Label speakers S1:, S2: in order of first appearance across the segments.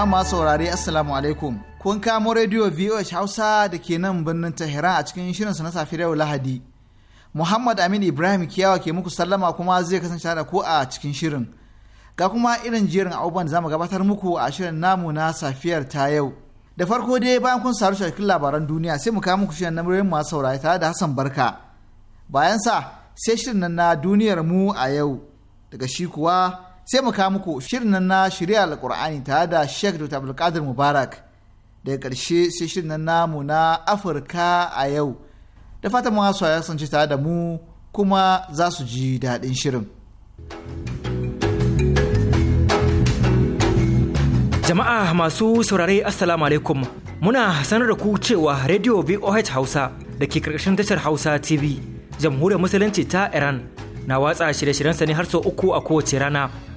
S1: jama'a masu saurari assalamu alaikum kun kamo rediyo voh hausa da ke nan birnin tehran a cikin shirinsa na safiyar yau lahadi muhammad amin ibrahim kiyawa ke muku sallama kuma zai kasance da ku a cikin shirin ga kuma irin jerin abubuwan da zamu gabatar muku a shirin namu na safiyar ta yau da farko dai bayan kun saru shakin labaran duniya sai mu kawo muku shirin na murin masu saurari tare da hassan barka bayan sa sai shirin na duniyar mu a yau daga shi kuwa sai mu kawo muku shirin na shirya alkur'ani tare da Sheikh Dr. Abdulkadir Mubarak daga ƙarshe sai shirin namu na Afirka a yau da fatan haso ya kasance ta da mu kuma za su ji daɗin shirin.
S2: Jama'a masu saurare Assalamu alaikum muna sanar da ku cewa Radio VOH Hausa da ke karkashin tashar Hausa TV jamhuriyar musulunci ta Iran na watsa shirye-shiryensa ne har sau uku a kowace rana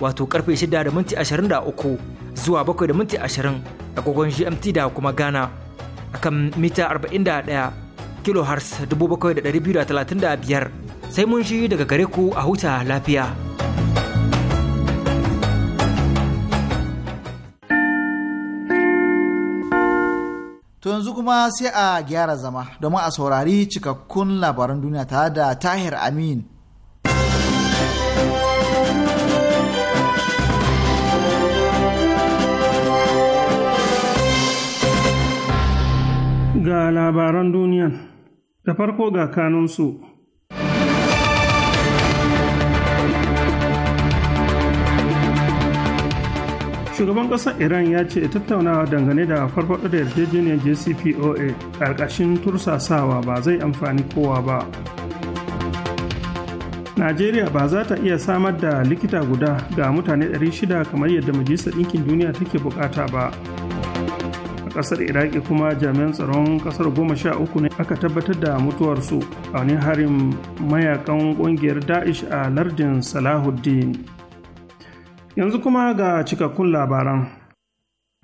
S2: wato karfe 6 da minti 23 zuwa 7 da minti 20 agogon GMT da kuma Ghana akan mita 41 kilohertz 7,235 sai mun shi daga gare ku a huta lafiya.
S1: To yanzu kuma sai a gyara zama domin a saurari cikakkun labaran duniya tare da Tahir Amin.
S3: labaran duniya da farko ga kanunsu. Shugaban ƙasar Iran ya ce tattaunawa dangane da farfaɗo da yarjejeniyar JCPOA ƙarƙashin tursasawa ba zai amfani kowa ba. Najeriya ba za ta iya samar da likita guda ga mutane 600 kamar yadda Majalisar Ɗinkin Duniya take bukata ba. kasar iraki kuma jami'an tsaron kasar goma sha uku ne aka tabbatar da mutuwarsu a wani harin mayakan kungiyar da'ish a lardin salahuddin yanzu kuma ga cikakkun labaran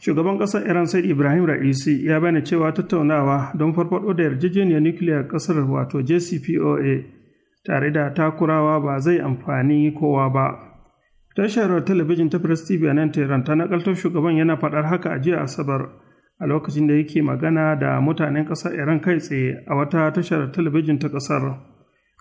S3: shugaban kasar iran sai ibrahim ra'isi ya bayyana cewa tattaunawa don farfado da yarjejeniyar nukiliyar kasar wato jcpoa tare da takurawa ba zai amfani kowa ba tashar talabijin ta press tv a nan tehran ta nakaltar shugaban yana faɗar haka a jiya asabar a lokacin da yake magana da mutanen ƙasar Iran kai tsaye a wata tashar talabijin ta ƙasar.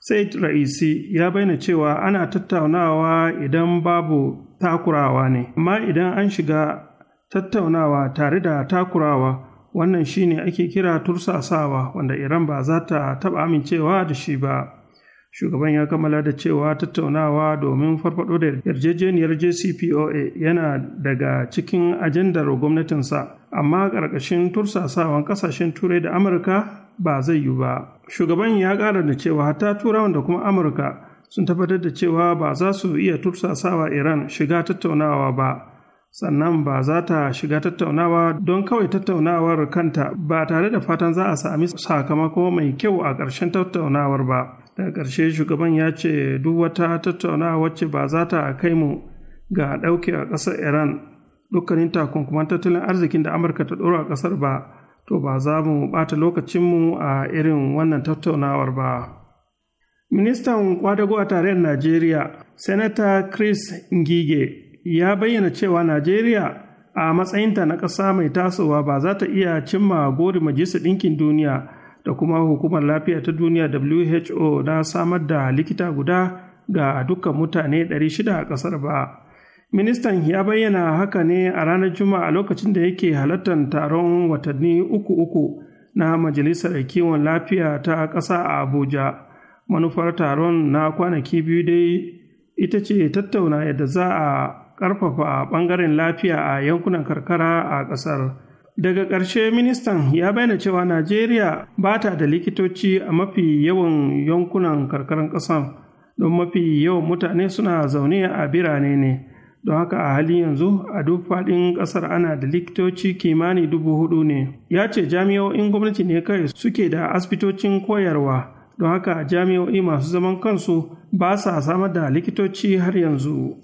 S3: Said Ra'isi ya bayyana cewa ana tattaunawa idan babu takurawa ne, amma idan an shiga tattaunawa tare da takurawa wannan shine ake kira tursasawa wanda Iran ba za ta taɓa amincewa da shi ba. shugaban ya kammala da cewa tattaunawa domin farfado da yarjejeniyar jcpoa yana daga cikin ajandar gwamnatinsa amma ƙarƙashin tursasawan ƙasashen turai da amurka ba zai yi ba shugaban ya ƙara da cewa hatta turawan da kuma amurka sun tabbatar da cewa ba za su iya tursasawa iran shiga tattaunawa ba sannan ba za ta shiga tattaunawa don kawai tattaunawar kanta ba tare da fatan za a sami sakamako mai kyau a ƙarshen tattaunawar ba daga ƙarshe shugaban ya ce duk wata tattaunawa wacce ba za ta kai mu ga ɗauke a ƙasar iran dukkanin takunkuman tattalin arzikin da amurka ta ɗora a ƙasar ba to ba za mu ɓata lokacinmu a irin wannan tattaunawar ba ministan kwadago a tarayyar najeriya senata chris ngige ya bayyana cewa najeriya a matsayinta na ƙasa mai tasowa ba za ta iya cimma gori majalisar ɗinkin duniya da kuma hukumar lafiya ta duniya who na samar da likita guda ga dukkan mutane 600 a ƙasar ba ministan ya bayyana haka ne a ranar juma'a lokacin da yake halartar taron watanni uku uku na majalisar kiwon lafiya ta ƙasa a abuja manufar taron na kwanaki biyu dai ita ce tattauna yadda za a ƙarfafa ɓangaren lafiya a yankunan karkara a ƙasar. Daga ƙarshe ministan ya bayyana cewa Najeriya ba ta da likitoci a mafi yawan yankunan karkarar ƙasar don mafi yawan mutane suna zaune a birane ne. Don haka a halin yanzu a duk faɗin ƙasar ana da likitoci kimani dubu hudu ne. Ya ce jami'o'in gwamnati ne kai suke da asibitocin koyarwa. Don haka jami'o'i masu zaman kansu ba sa samar da likitoci har yanzu.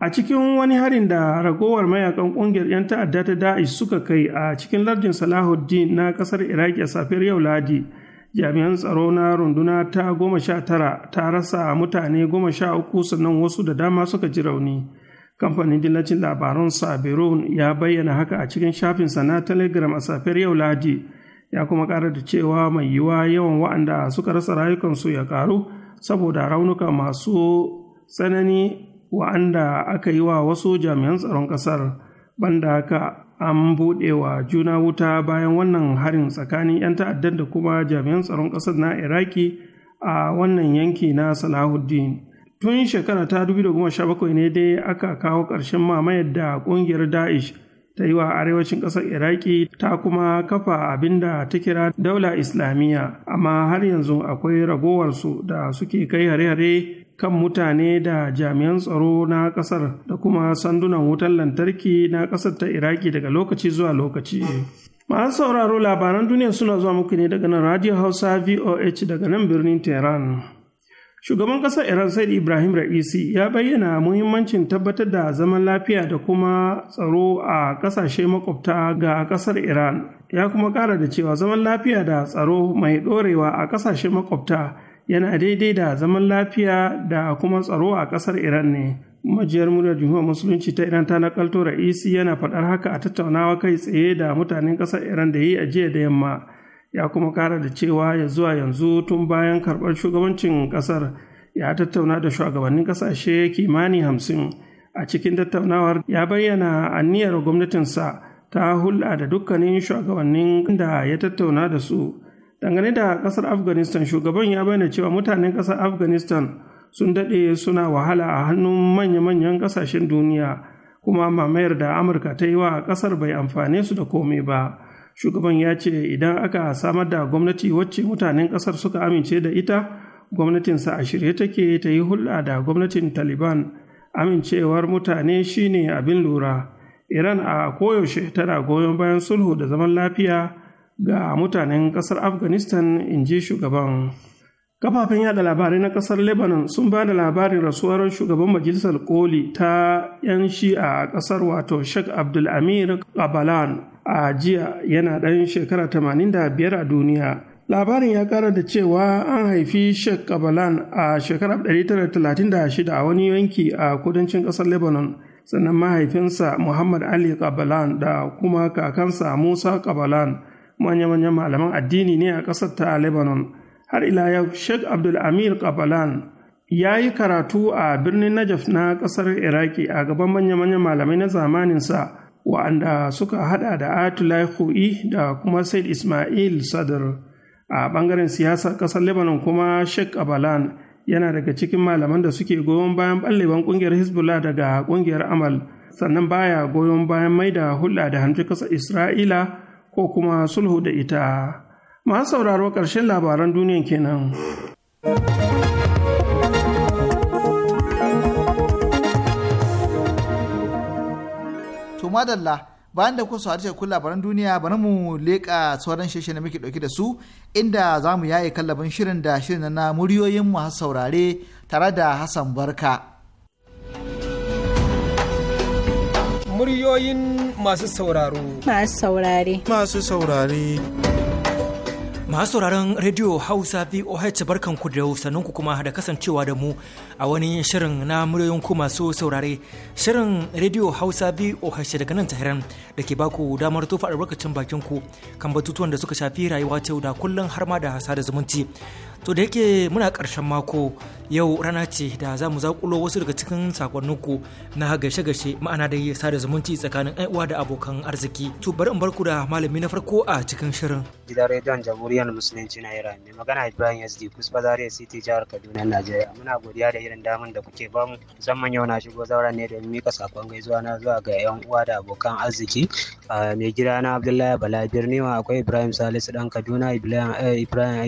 S3: a cikin wani harin da ragowar mayakan ƙungiyar 'yan ta'adda ta da'ish suka kai a cikin lardin salahuddin na ƙasar iraki a safiyar yau ladi jami'an tsaro na runduna ta goma sha tara ta rasa mutane goma sha uku sannan wasu da dama suka ji rauni kamfanin dillacin labaran sabirun ya bayyana haka a cikin shafin sana telegram a safiyar yau ladi ya kuma ƙara da cewa mai yiwuwa yawan wa'anda suka rasa rayukansu ya ƙaru saboda raunuka masu tsanani wa'anda aka yi wa wasu jami'an tsaron ƙasar banda haka an buɗe wa juna wuta bayan wannan harin tsakanin 'yan ta'addan da kuma jami'an tsaron ƙasar na iraki a wannan yanki na salahuddin tun shekara ta 2017 ne dai aka kawo ƙarshen mamayar da ƙungiyar da'ish ta yi wa arewacin ƙasar iraki ta kuma kafa abin da ta kira daula islamiyya amma har yanzu akwai ragowarsu da suke kai hare-hare kan mutane da jami'an tsaro na ƙasar da kuma sandunan wutar lantarki na ƙasar ta Iraki daga lokaci zuwa lokaci. Masu sauraro labaran duniya suna zuwa muku ne daga nan Radio Hausa VOH daga nan birnin Tehran. Shugaban ƙasar Iran Said Ibrahim Ra'isi ya bayyana muhimmancin tabbatar da zaman lafiya da kuma tsaro a ƙasashe makwabta ga ƙasar Iran. Ya kuma ƙara da cewa zaman lafiya da tsaro mai ɗorewa a ƙasashe makwabta yana daidai da zaman lafiya da kuma tsaro a ƙasar iran ne majiyar murya jumhuriyar musulunci ta iran ta nakalto ra'isi yana faɗar haka a tattaunawa kai tsaye da mutanen ƙasar iran da yi a jiya da yamma ya kuma ƙara da cewa ya zuwa yanzu tun bayan karɓar shugabancin ƙasar ya tattauna da shugabannin ƙasashe kimani hamsin a cikin tattaunawar ya bayyana aniyar gwamnatinsa ta hulɗa da dukkanin shugabannin da ya tattauna da su dangane da kasar afghanistan shugaban ya bayyana cewa mutanen kasar afghanistan sun dade suna wahala a hannun manya-manyan kasashen duniya kuma mamayar da amurka ta yi wa kasar bai amfane su da komai ba shugaban ya ce idan aka samar da gwamnati wacce mutanen kasar suka amince da ita gwamnatinsa a shirye take ta yi hulɗa da gwamnatin taliban amincewar mutane shine abin lura iran a koyaushe tana goyon bayan sulhu da zaman lafiya ga mutanen ƙasar afghanistan in ji shugaban kafafen yada labarai na ƙasar lebanon sun ba da labarin rasuwar shugaban majalisar koli ta 'yan shi'a a ƙasar wato sheikh abdul amir kabalan a jiya yana ɗan shekara 85 a duniya labarin ya ƙara da cewa an haifi sheikh kabalan a shekarar 1936 a wani yanki a kudancin ƙasar lebanon sannan mahaifinsa muhammad ali kabalan da kuma kakansa musa kabalan manya-manyan malaman addini ne a ƙasar ta lebanon har ila yau sheikh abdul amir kabalan ya yi karatu a birnin najaf na ƙasar iraki a gaban manya-manyan malamai na zamaninsa wa'anda suka haɗa da atulai hu'i da kuma said ismail sadr a ɓangaren siyasar ƙasar lebanon kuma sheikh kabalan yana daga cikin malaman da suke goyon bayan ɓallewan ƙungiyar hezbollah daga ƙungiyar amal sannan baya goyon bayan mai da hulɗa da hanci ƙasar isra'ila ko kuma sulhu da ita. Masu sauraro ƙarshen labaran duniyan kenan.
S1: To madalla bayan da kuka saurari kun labaran duniya bari mu leƙa sauran shirye da muke ɗauke da su inda za mu yaye kallabin shirin da shirin na muryoyin masu saurare tare da Hassan Barka.
S2: Muryoyin masu sauraro. Masu saurare. Masu saurare. Masu sauraron Radio Hausa VOH barkanku da ku kuma da kasancewa da mu a wani shirin na muryoyin ku masu saurare. Shirin Radio Hausa VOH daga nan Tahiran da ke baku damar tofa albarkacin bakin ku kan batutuwan da suka shafi rayuwa ta yau da kullum har ma da hasa da zumunci. To da yake muna ƙarshen mako yau rana ce da za mu zaƙulo wasu daga cikin sakonninku na gashe-gashe ma'ana da yi sada zumunci tsakanin uwa da abokan arziki. To bari in barku da malami na farko a cikin shirin.
S4: Gidan rediyon jamhuriyar musulunci na Iran mai magana Ibrahim SD Kusba Zaria City jihar Kaduna Najeriya. Muna godiya da irin damar da kuke bamu musamman yau na shigo zauren ne domin mika sakon gaisuwa na zuwa ga yan uwa da abokan arziki. Mai gida na Abdullahi Bala Birniwa akwai Ibrahim Salisu dan Kaduna Ibrahim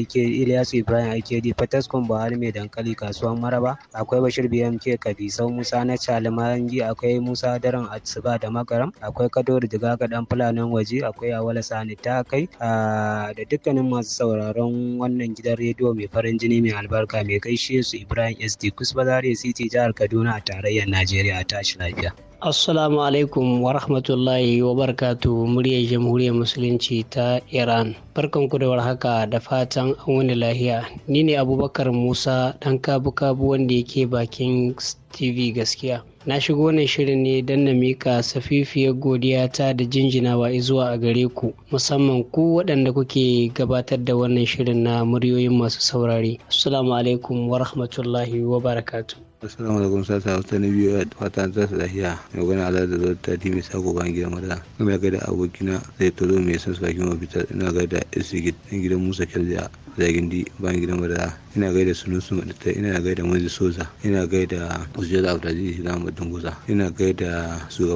S4: Ike eh, Ilyasu Ibrahim Ibrahim Aikeri, Fataskum Buhari mai dankali kasuwar Maraba, akwai Bashir BMK kabisau Musa na Calimarangi, akwai Musa Daren Atsiba da Magaram, akwai Kadori diga dan Fulanin waje, akwai Awala Sani ta kai ah, da dukkanin masu sauraron wannan gidan rediyo mai farin jini mai albarka mai gaishe su Ibrahim SD Kusbazare City jihar Kaduna a tarayyar Najeriya tashi lafiya. Assalamu alaikum wa rahmatullahi wa barkatu muryar jamhuriyar musulunci ta Iran. Barkan ku da warhaka da fatan an wani lahiya. Ni ne Abubakar Musa dan kabu-kabu wanda yake bakin TV gaskiya. Na shigo wannan shirin ne don na mika safifiyar godiya ta da jinjinawa zuwa a gare ku musamman ku waɗanda kuke gabatar da wannan shirin na muryoyin masu saurare. Assalamu alaikum wa rahmatullahi wa barakatuh.
S5: Assalamu alaikum
S6: sassa wasu na biyu fatan za su lafiya mai gani ala da zuwa ta timi sako bayan gidan madara kuma ga da abokina zai tozo mai son su bakin mafitar ina ga da isigit ɗan gidan Musa Kyalja zagin di bayan gidan madara ina ga da sunusu maɗita ina ga da Soza ina ga da Usjad Abdulaziz Islam guza ina ga da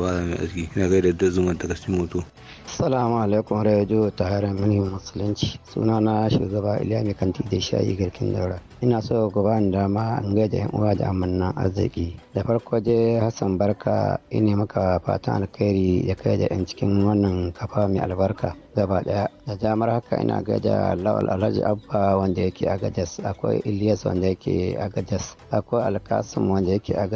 S6: mai aski ina ga da ta Takasin Moto.
S4: Assalamu alaikum radio ta harin mini musulunci sunana shugaba Iliya Kanti da shayi garkin daura. ina so ku ba ni dama in gaida yan uwa da amannan arziki da farko je hassan barka ina maka fatan alkhairi ya kai da yan cikin wannan kafa mai albarka gaba daya da damar haka ina gaida lawal alhaji abba wanda yake a akwai ilyas wanda yake a akwai alkasim wanda yake a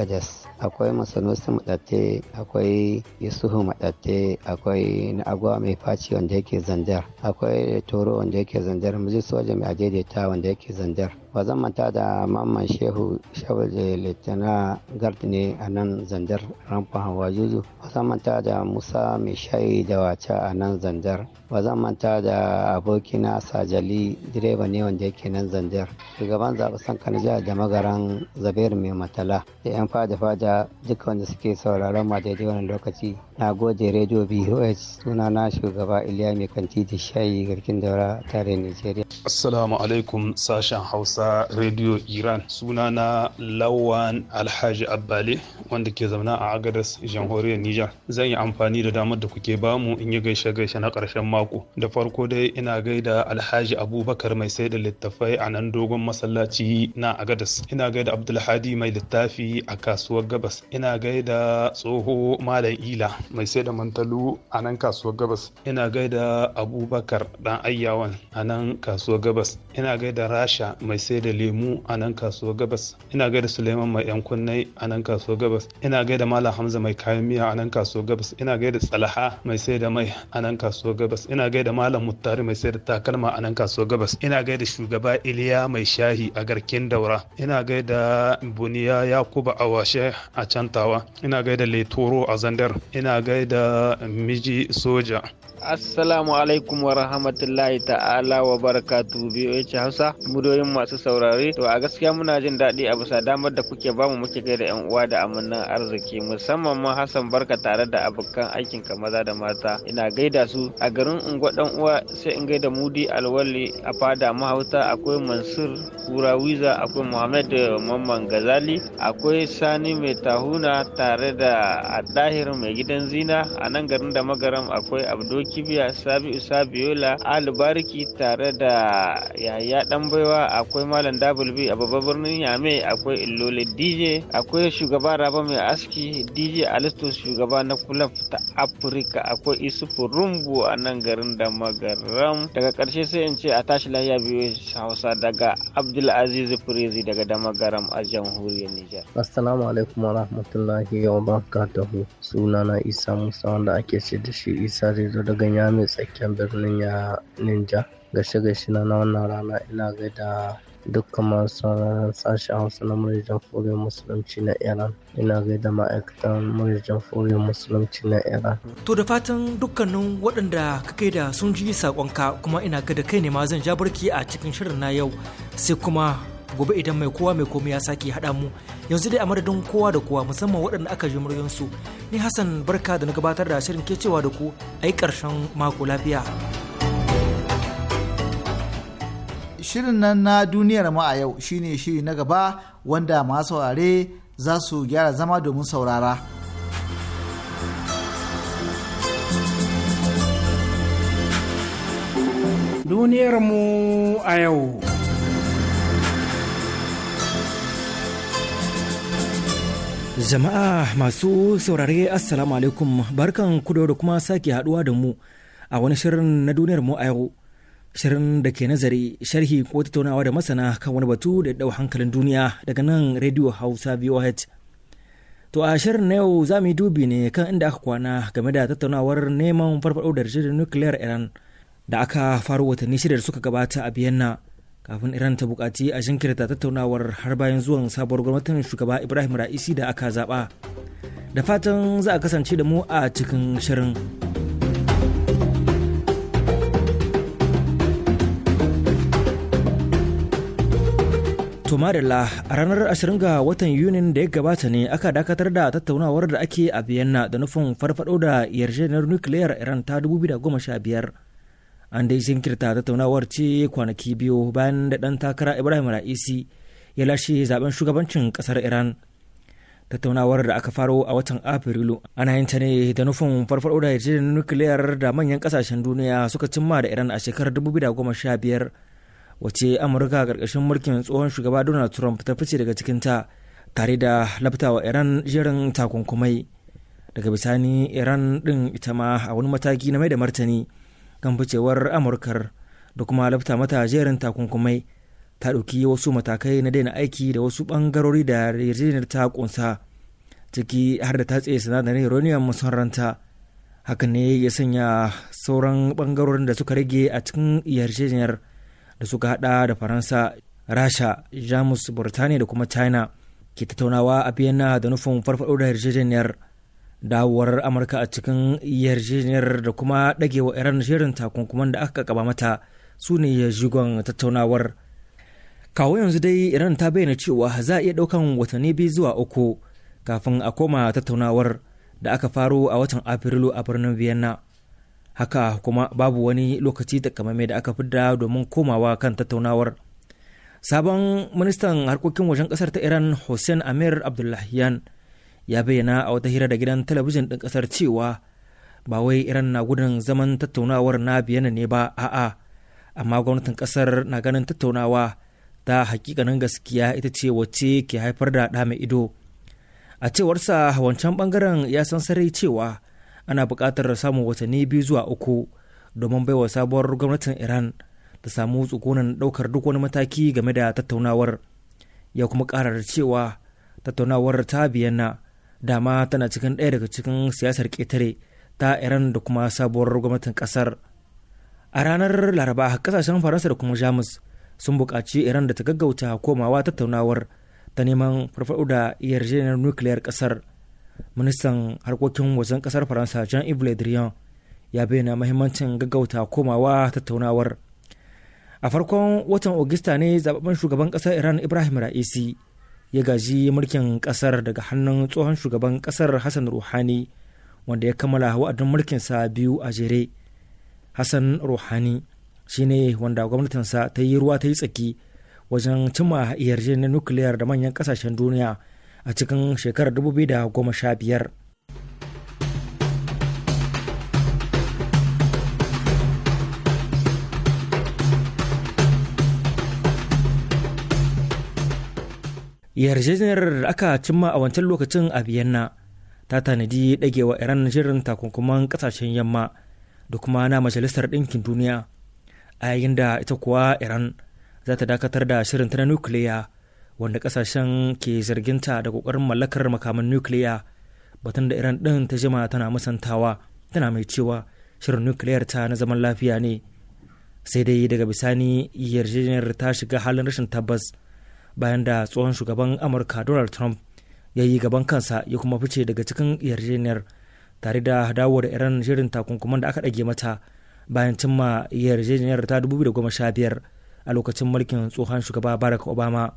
S4: akwai masanusi madatte akwai yusufu madatte akwai na agwa mai faci wanda yake zandar akwai toro wanda yake zandar mijin soja mai adaidaita wanda yake zandar ba zan manta da mamman shehu shawar eh, litina gard ne a nan zandar rampa hawa juju ba zan manta da musa mai shayi da wace a nan zandar ba zan manta da abokina sajali direba ne wanda yake nan zandar shugaban san kan jihar da magaran zabir mai matala da yan fada fada duka wanda suke sauraron ma daidai wannan lokaci na gode rediyo BOS suna na shugaba iliya mai kanti da shayi garkin daura tare nigeria assalamu
S6: alaikum sashen hausa ƙasa Radio Iran. suna na Lawan Alhaji Abbali wanda ke zauna a Agadas Jamhuriyar Nijar. Zan yi amfani da damar da kuke bamu in yi gaishe gaishe na ƙarshen mako. Da farko dai ina gaida Alhaji Abubakar mai sai da littafai a nan dogon masallaci na Agadas. Ina gaida Abdulhadi mai littafi a kasuwar Gabas. Ina gaida tsoho Malam Ila mai sai da mantalu a nan kasuwar Gabas. Ina gaida Abubakar dan Ayyawan a nan kasuwar Gabas. Ina gaida Rasha mai sai da lemu a nan kasuwar gabas ina gaida suleiman mai yan kunnai a nan kasuwar gabas ina gaida malam hamza mai kayan miya a nan kasuwar gabas ina gaida tsalaha mai sai da mai a nan kasuwar gabas ina gaida malam muttari mai sai da takalma a nan kasuwar gabas ina gaida shugaba iliya mai shahi a garkin daura ina gaida buniya yakuba washe a cantawa ina gaida letoro a zandar ina gaida miji soja
S5: assalamu alaikum wa rahmatullahi ta'ala wa barakatu biyo hausa mudoyin masu saurari saurare to a gaskiya muna jin daɗi a bisa damar da kuke bamu muke kai da yan uwa da amannan arziki musamman ma Hassan Barka tare da abokan aikin ka maza da mata ina gaida su a garin unguwa dan uwa sai in gaida Mudi Alwali a fada mahauta akwai Mansur Kurawiza akwai Muhammad Mamman Gazali akwai Sani mai tahuna tare da Adahir mai gidan zina a nan garin da magaram akwai Abdo Kibiya Sabiu Sabiola Ali Bariki tare da yaya Danbaiwa akwai malam dabul a babban birnin yame akwai illole dj akwai shugaba raba mai aski dj alisto shugaba na kulaf ta afirka akwai isufu rumbu a nan garin da magaram daga karshe sai in ce a tashi lahiya biyu hausa daga abdulaziz firezi daga damagaram a jamhuriyar nijar
S4: assalamu alaikum wa rahmatullahi wa barakatuhu sunana isa musa wanda ake ce da shi isa zai zo daga yame tsakiyar birnin ya ninja gashe-gashe na wannan rana ina gaida dukkan masu sauraron sashen hausa na muryar jamhuriyar musulunci na iran ina gaida ma'aikatan muryar jamhuriyar musulunci na iran
S2: to da fatan dukkanin waɗanda ka kai da sun ji saƙonka kuma ina ga da kai ne ma zan ja barki a cikin shirin na yau sai kuma gobe idan mai kowa mai komai ya sake haɗa mu yanzu dai a madadin kowa da kowa musamman waɗanda aka ji muryansu ni hassan barka da na gabatar da shirin ke cewa da ku a yi ƙarshen mako lafiya shirin
S1: nan na duniyar ma a yau shine shiri na gaba wanda masu saurare za su gyara zama domin saurara. duniyar mu a yau.
S2: Jama'a masu saurare Assalamu alaikum barkan kudo da kuma sake haduwa da mu a wani shirin na duniyar mu a yau. shirin da ke nazari sharhi ko tattaunawa da masana kan wani batu da ɗau hankalin duniya daga nan radio hausa voh to a shirin na yau za mu yi dubi ne kan inda aka kwana game da tattaunawar neman farfaɗo da shirin nuclear iran da aka faro watanni shida da suka gabata a biyanna kafin iran ta bukaci a jinkirta tattaunawar har bayan zuwan sabuwar gwamnatin shugaba ibrahim ra'isi da aka zaba da fatan za a kasance da mu a cikin shirin. Tumarilla a ranar 20 ga watan Yunin da ya gabata ne aka dakatar da tattaunawar da ake a Vienna da nufin farfado da yarjejeniyar nukiliyar Iran ta 2015. An dai jinkirta tattaunawar ce kwanaki biyu bayan da ɗan takara Ibrahim Ra'isi ya lashe zaben shugabancin ƙasar Iran. tattaunawar da aka faro a watan afrilu ana yin ta ne da nufin farfado da yarjejeniyar nukiliyar da manyan ƙasashen duniya suka cimma da iran a shekarar 2015 wace amurka karkashin mulkin tsohon shugaba donald trump ta fice daga cikin ta tare da laftawa iran jerin takunkumai daga bisani iran ɗin ita ma a wani mataki na mai da martani kan ficewar amurkar da kuma lafta mata jerin takunkumai ta ɗauki wasu matakai na daina aiki da wasu ɓangarori da yarjejeniyar ta ƙunsa ciki har da ta tatse sinadarin uranium musarranta hakan ne ya sanya sauran ɓangarorin da suka rage a cikin yarjejeniyar da suka hada da faransa rasha jamus burtaniya da kuma china ke tattaunawa a vienna da nufin farfado da yarjejeniyar dawowar amurka a cikin yarjejeniyar da kuma dagewa iran shirin takunkuman da aka kaba mata su ne ya jigon tattaunawar kawo yanzu dai iran ta bayyana cewa za a iya daukan watanni biyu zuwa uku kafin a koma tattaunawar da aka faro a watan afrilu a birnin vienna haka kuma babu wani lokaci takamaimai da aka fidda domin komawa kan tattaunawar sabon ministan harkokin wajen kasar ta iran hussein amir abdullahiyan ya bayyana a wata hira da gidan talabijin ɗin ƙasar cewa ba wai iran na gudun zaman tattaunawar na biyana ne ba a'a amma gwamnatin ƙasar na ganin tattaunawa ta hakikanin gaskiya ita ce wacce ke haifar da ɗa ido a cewarsa wancan bangaren ya san sarai cewa ana buƙatar samun watanni biyu zuwa uku domin baiwa sabuwar gwamnatin iran ta samu tsugunan ɗaukar duk wani mataki game da tattaunawar ya kuma ƙara cewa tattaunawar ta biyanna dama tana cikin ɗaya daga cikin siyasar ƙetare ta iran da kuma sabuwar gwamnatin ƙasar a ranar laraba ƙasashen faransa da kuma jamus sun buƙaci iran da ta gaggauta komawa tattaunawar ta neman farfaɗo da yarjejeniyar nukiliyar ƙasar ministan harkokin wajen kasar faransa jean yves le drian ya bayyana mahimmancin gaggauta komawa tattaunawar a farkon watan ogista ne zababben shugaban kasar iran ibrahim ra'isi ya gaji mulkin kasar daga hannun tsohon shugaban kasar hassan ruhani wanda ya kammala wa'adin sa biyu a jere hassan ruhani shine wanda gwamnatinsa ta yi ruwa ta yi tsaki wajen cimma yarjejeniyar nukiliyar da manyan kasashen duniya a cikin shekarar 2015 yarjejeniyar da aka cimma a wancan lokacin a vienna ta tanadi dagewa iran shirin takunkuman kasashen yamma da kuma na majalisar ɗinkin duniya a yayin da ita kuwa iran za ta dakatar da shirin ta na nukiliya wanda kasashen ke zarginta da kokarin mallakar makaman nukiliya batun da iran din ta jima tana musantawa tana mai cewa shirin nukiliyar ta na zaman lafiya ne sai dai daga bisani yarjejeniyar ta shiga halin rashin tabbas bayan da tsohon shugaban amurka donald trump ya yi gaban kansa ya kuma fice daga cikin yarjejeniyar tare da dawo da iran shirin takunkuman da aka ɗage mata bayan cimma yarjejeniyar ta 2015 a lokacin mulkin tsohon shugaba barack obama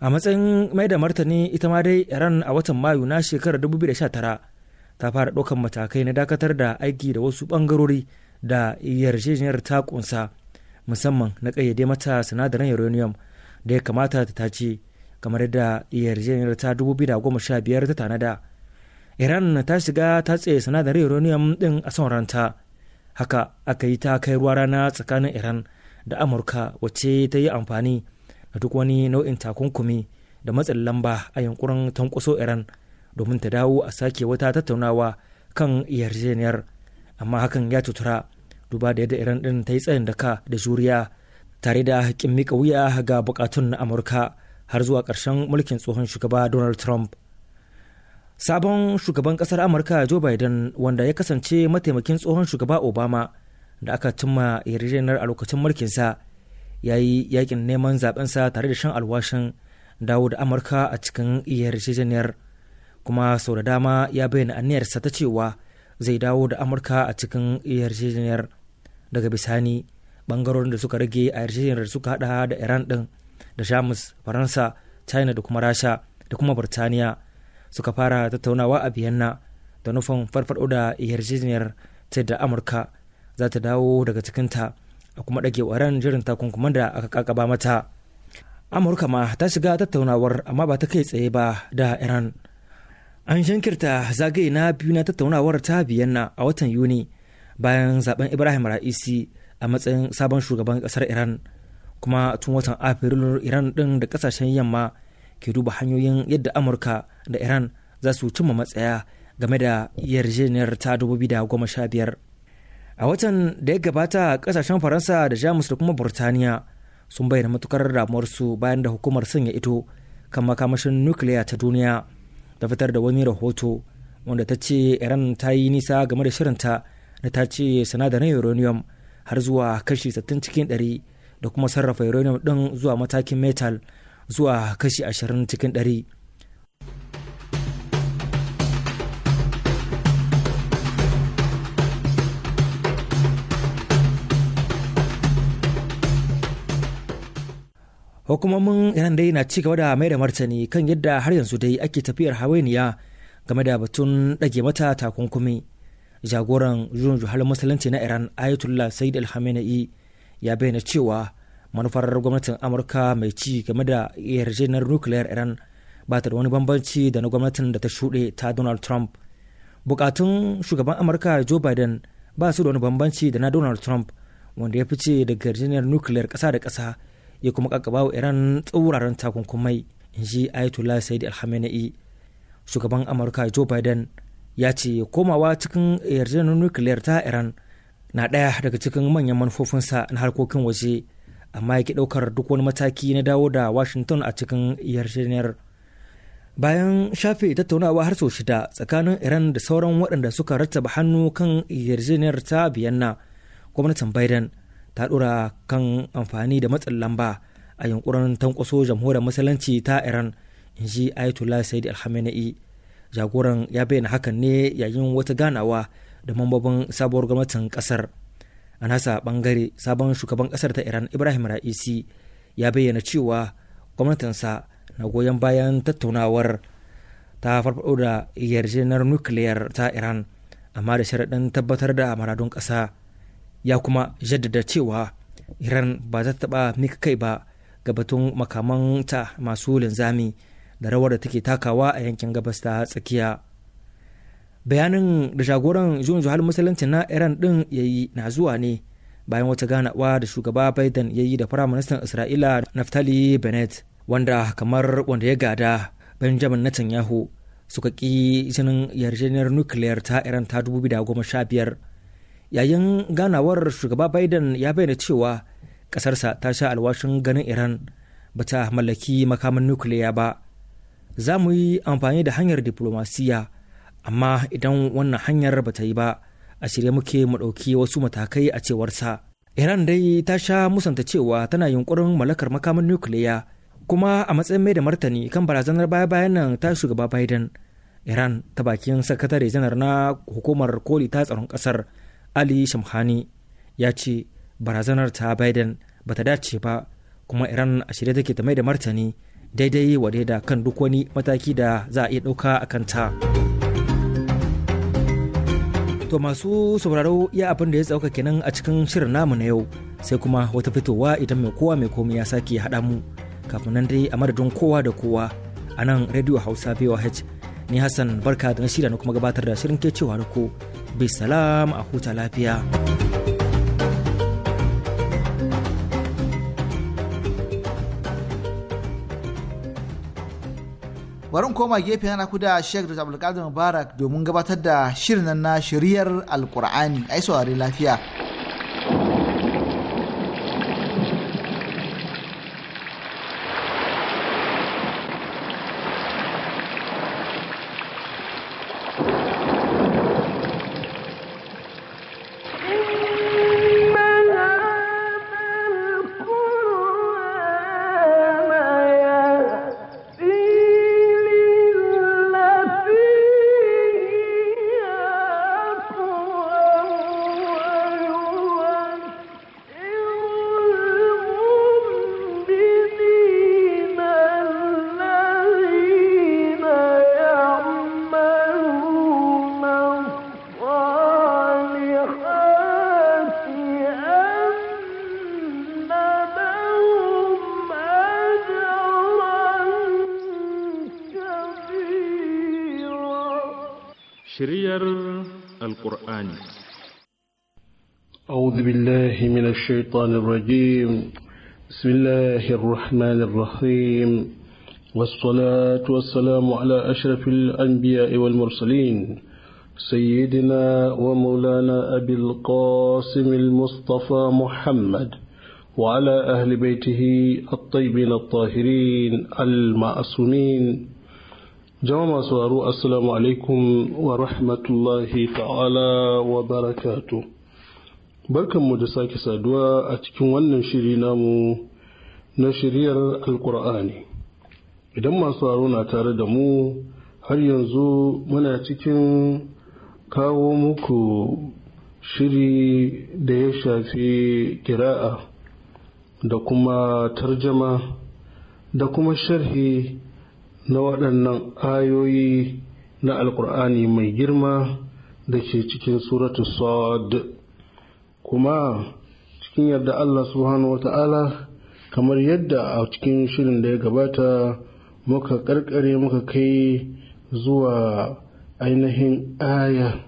S2: a matsayin mai da martani ita ma dai iran a watan mayu na shekarar 2019 ta fara ɗaukar matakai na dakatar da aiki da wasu ɓangarori da yarjejeniyar ta kunsa musamman na ƙayyade mata sinadarin uranium da ya kamata ta tace kamar yadda yarjejeniyar ta 2015 ta tanada iran ta shiga ta tsaye sinadarin uranium din a son ranta haka aka yi ta kai ruwa rana tsakanin iran da amurka wacce ta yi amfani da duk wani nau'in takunkumi da matsin lamba a yankunan tankwaso iran domin ta dawo a sake wata tattaunawa kan yarjejeniyar amma hakan ya tutura duba da yadda iran din ta yi tsayin daka da juriya tare da hakin mika wuya ga bukatun na amurka har zuwa ƙarshen mulkin tsohon shugaba donald trump sabon shugaban ƙasar amurka joe biden wanda ya kasance mataimakin tsohon shugaba obama da aka cimma yarjejeniyar a lokacin mulkinsa ya yi yakin neman zaɓensa tare da shan alwashin dawo da amurka a cikin yarjejeniyar kuma sau da dama ya bayyana aniyarsa ta cewa zai dawo da amurka a cikin yarjejeniyar daga bisani bangarorin da suka rage a yarjejeniyar suka hada da iran din da jamus faransa china da kuma rasha da kuma burtaniya suka fara tattaunawa a biyanna da nufin farfado da yarjejeniyar ta da amurka za ta dawo daga cikinta da kuma ɗage waran jirin takunkuman da aka kakaba mata amurka ma ta shiga tattaunawar amma ba ta kai tsaye ba da iran an shankirta zagaye na biyu na tattaunawar ta biyanna a watan yuni bayan zaben ibrahim ra'isi a matsayin sabon shugaban kasar iran kuma tun watan afirilu iran din da kasashen yamma ke duba hanyoyin yadda amurka da iran za su cimma matsaya game da yarjejeniyar ta biyar. a watan da ya gabata kasashen faransa da jamus da kuma burtaniya sun bayyana matukar damuwarsu bayan da hukumar sanya ito kan makamashin nukiliya ta duniya da fitar da wani rahoto wanda ta ce iran ta yi nisa game da shirinta da ta ce sinadarin uranium har zuwa kashi 60 cikin 100 da kuma sarrafa uranium din zuwa matakin metal zuwa kashi 20 cikin 100 hukumomin iran dai na ci gaba da mai da martani kan yadda har yanzu dai ake tafiyar hawainiya game da batun ɗage mata takunkumi jagoran jun juhar musulunci na iran ayatollah said al ya bayyana cewa manufar gwamnatin amurka mai ci game da yarjejeniyar nukiliyar iran ba ta da wani bambanci da na gwamnatin da ta shuɗe ta donald trump bukatun shugaban amurka joe biden ba su da wani bambanci da na donald trump wanda ya fice daga yarjejeniyar nukiliyar ƙasa da ƙasa ya kuma kakaba wa iran tsauraran takunkumai in ji ayatollah said alhamenei shugaban amurka joe biden ya ce komawa cikin yarjejeniyar nukiliyar ta iran na daya daga cikin manyan manufofinsa na harkokin waje amma ya ke ɗaukar duk wani mataki na dawo da washington a cikin yarjejeniyar bayan shafe tattaunawa har sau shida tsakanin iran da sauran waɗanda suka rattaba hannu kan yarjejeniyar ta biyanna gwamnatin biden ta dora kan amfani da matsin lamba a yunkurin tankwaso jamhuriyar musulunci ta iran in ji ayatollah said al jagoran ya bayyana hakan ne yayin wata ganawa da mambobin sabuwar gwamnatin kasar a nasa bangare sabon shugaban kasar ta iran ibrahim ra'isi ya bayyana cewa gwamnatinsa na goyon bayan tattaunawar ta farfado da yarjejeniyar nukiliyar ta iran amma da sharaɗin tabbatar da maradun ƙasa ya kuma jaddada cewa iran ba za ta taɓa mika kai ba ga batun makamanta masu linzami da rawar da take takawa a yankin gabas ta tsakiya bayanin da jagoran juyin juhal musulunci na iran din ya yi na zuwa ne bayan wata ganawa da shugaba biden ya yi da firaministan isra'ila naftali bennett wanda kamar wanda ya gada benjamin netanyahu suka ki jinin yarjejeniyar nukiliyar ta iran ta 2015 yayin ganawar shugaba biden ya bayyana cewa ƙasarsa ta sha alwashin ganin iran ba ta mallaki makaman nukiliya ba za mu yi amfani da hanyar diplomasiya amma idan wannan hanyar ba ta yi ba a shirya muke mu ɗauki wasu matakai a cewar sa iran dai ta sha musanta cewa tana yunkurin mallakar makaman nukiliya kuma a matsayin mai da martani kan barazanar baya-bayan nan ta shugaba biden iran ta bakin sakatare janar na hukumar koli ta tsaron kasar ali shamhani ya ce barazanar ta biden ba ta dace ba kuma iran a shirye take ta mai da martani daidai wa da kan duk wani mataki da za a iya ɗauka a kanta to masu sauraro ya abin da ya tsauka kenan a cikin shirin namu na yau sai kuma wata fitowa idan mai kowa mai komi ya sake haɗa mu kafin nan dai a madadin kowa da kowa a nan radio hausa voh ni hassan barka da na shirya na kuma gabatar da shirin ke cewa da ku salam a huta lafiya.
S1: barin koma gefe yana ku da Sheikh Dr. Abdulkadir Mubarak domin gabatar da shirin na shiriyar Alkur'ani. Ai saurari lafiya.
S7: بالله من الشيطان الرجيم بسم الله الرحمن الرحيم والصلاة والسلام على أشرف الأنبياء والمرسلين سيدنا ومولانا أبي القاسم المصطفى محمد وعلى أهل بيته الطيبين الطاهرين المعصومين جمع سوارو السلام عليكم ورحمة الله تعالى وبركاته mu da sake saduwa a cikin wannan shiri namu na shiriyar alkur'ani Idan masu haro na tare da mu har yanzu muna cikin kawo muku shiri da ya shafi kira'a da kuma tarjama da kuma sharhi na waɗannan ayoyi na Alƙur'ani mai girma da ke cikin suratu sa'ad kuma cikin yarda Allah subhanahu ta'ala kamar yadda a cikin shirin da ya gabata muka karkare muka kai zuwa ainihin aya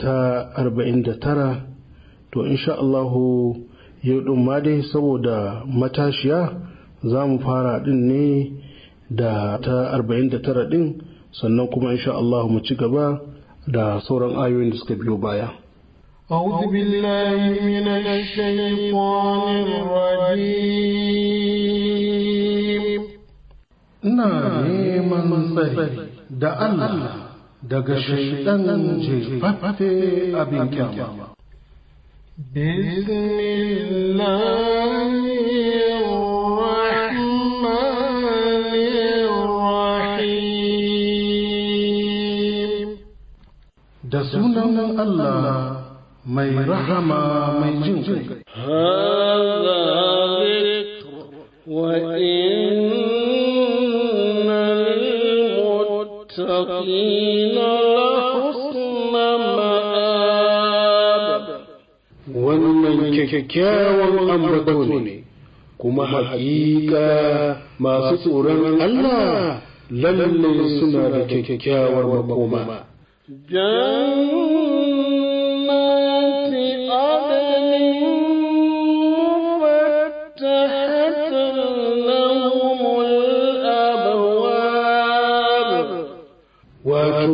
S7: ta 49 to insha Allahu yau ɗin ma dai saboda matashiya za mu fara ɗin ne da ta 49 ɗin sannan kuma insha Allah mu ci gaba da sauran ayoyin da suka biyo baya.
S8: أعوذ بالله من الشيطان الرجيم
S7: ina neman tsari da Allah daga shaidan jefaffe abin kyama. Da sunan Allah مي رحمة مي
S8: هذا ذكر وإن المتقين لحسن مآب
S7: ومن ككا والأمرتوني كما حقيقة ما سورنا الله لن نسنا لككا والمقومة
S8: جنة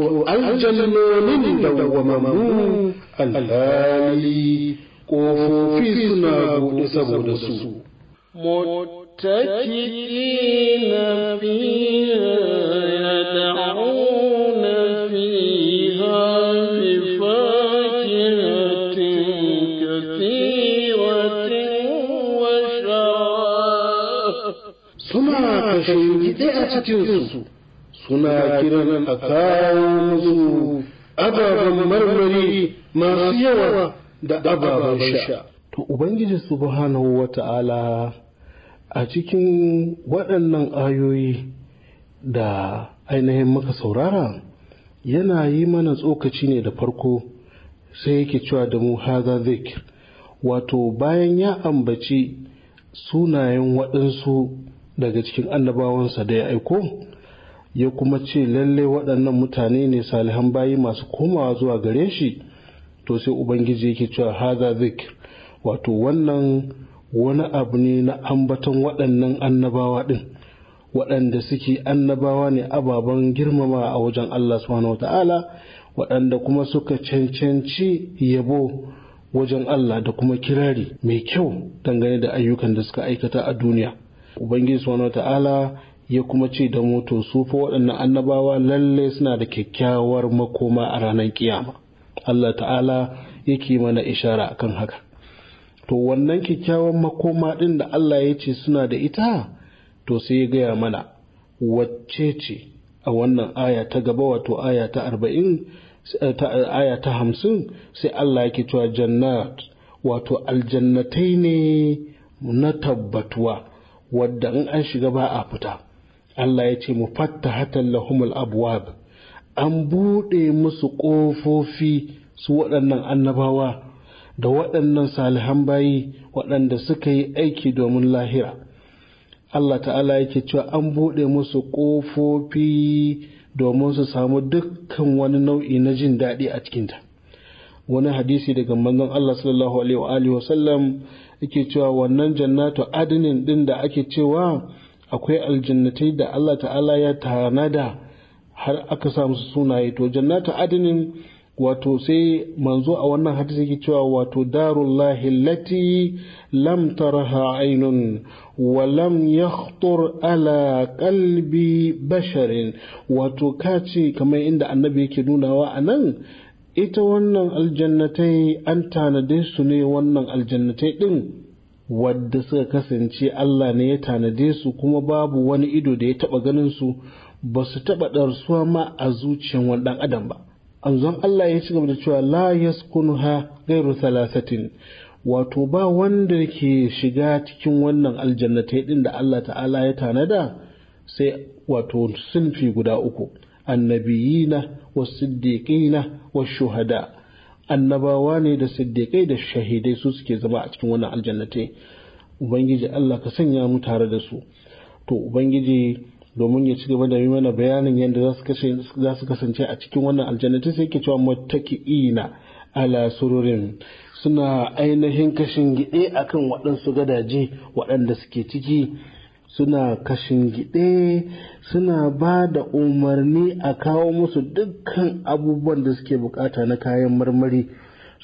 S8: أو من دوما
S7: مو الآلي كوفو في سنة سبو نسو
S8: متكئين فيها يدعون فيها بفاكهة كثيرة وشراب سمعك شيء لدئة تنسو suna kiran a kawo musu ababen marmari masu yawa
S7: da ababen sha. To Ubangiji Subhanahu wa ta'ala a cikin waɗannan ayoyi da ainihin muka saurara yana yi mana tsokaci ne da farko sai yake cewa da mu haza zikir wato bayan ya ambaci sunayen waɗansu daga cikin annabawansa da ya aiko ya kuma ce lalle waɗannan mutane ne salihan bayi masu komawa zuwa gare shi to sai ubangiji yake cewa haza zikir wato wannan wani abu ne na ambaton waɗannan annabawa ɗin waɗanda suke annabawa ne ababen girmama a wajen Allah subhanahu wata'ala waɗanda kuma suka cancanci yabo wajen Allah da kuma kirari mai kyau dangane da ayyukan da suka aikata a duniya. Ubangiji subhanahu wata'ala ya kuma ce da moto su fa waɗannan annabawa lalle suna da kyakkyawar makoma a ranar kiyama Allah ta'ala yake mana ishara kan haka to wannan kyakkyawar makoma ɗin da Allah ya ce suna da ita to sai ya gaya mana wacce ce a wannan aya ta gaba wato aya ta arba'in eh, eh, aya ta hamsin sai Allah yake cewa jannat wato aljannatai ne na tabbatuwa wadda in an shiga ba a fita Allah ya ce mu fatta hatan lahumul abwab an buɗe musu ƙofofi su waɗannan annabawa da waɗannan salihan bayi waɗanda suka yi aiki domin lahira Allah ta'ala yake cewa an buɗe musu ƙofofi domin su samu dukkan wani nau'i na jin daɗi a cikinta wani hadisi daga manzon Allah sallallahu alaihi wa yake cewa wannan jannatu adinin din da ake cewa akwai aljannatai da Allah ta'ala ya tanada har aka sa musu sunaye to jannatu adinin wato sai manzo a wannan hadisi yake cewa wato darullahi lati lam taraha ainun wa lam yakhtur ala qalbi basharin wato kace kamar inda annabi yake nunawa a nan ita wannan aljannatai an tanade su ne wannan aljannatai din wadda suka kasance Allah ne ya tanade su kuma babu wani ido da ya taɓa ganin su ba su taɓa ɗarsuwa ma a zuciyan wani ɗan adam ba. Anzon Allah ya ci gaba da cewa la yaskunu ha gairu salasatin wato ba wanda ke shiga cikin wannan aljannatai ɗin da Allah ta'ala ya tanada sai wato sunfi guda uku annabiyina wa siddiqina wa shuhada annabawa ne da siddiƙai da shahidai su suke zama a cikin wannan aljannatai ubangiji Allah ka sanya mu tare da su to ubangiji domin ya ci gaba da yi mana bayanin yadda za su kasance a cikin wannan aljannate sai ke cewa mattaki'ina ala sururin suna ainihin kashin gide akan waɗansu gadaje waɗanda suke ciki suna kashin giɗe suna ba da umarni a kawo musu dukkan abubuwan da suke bukata na kayan marmari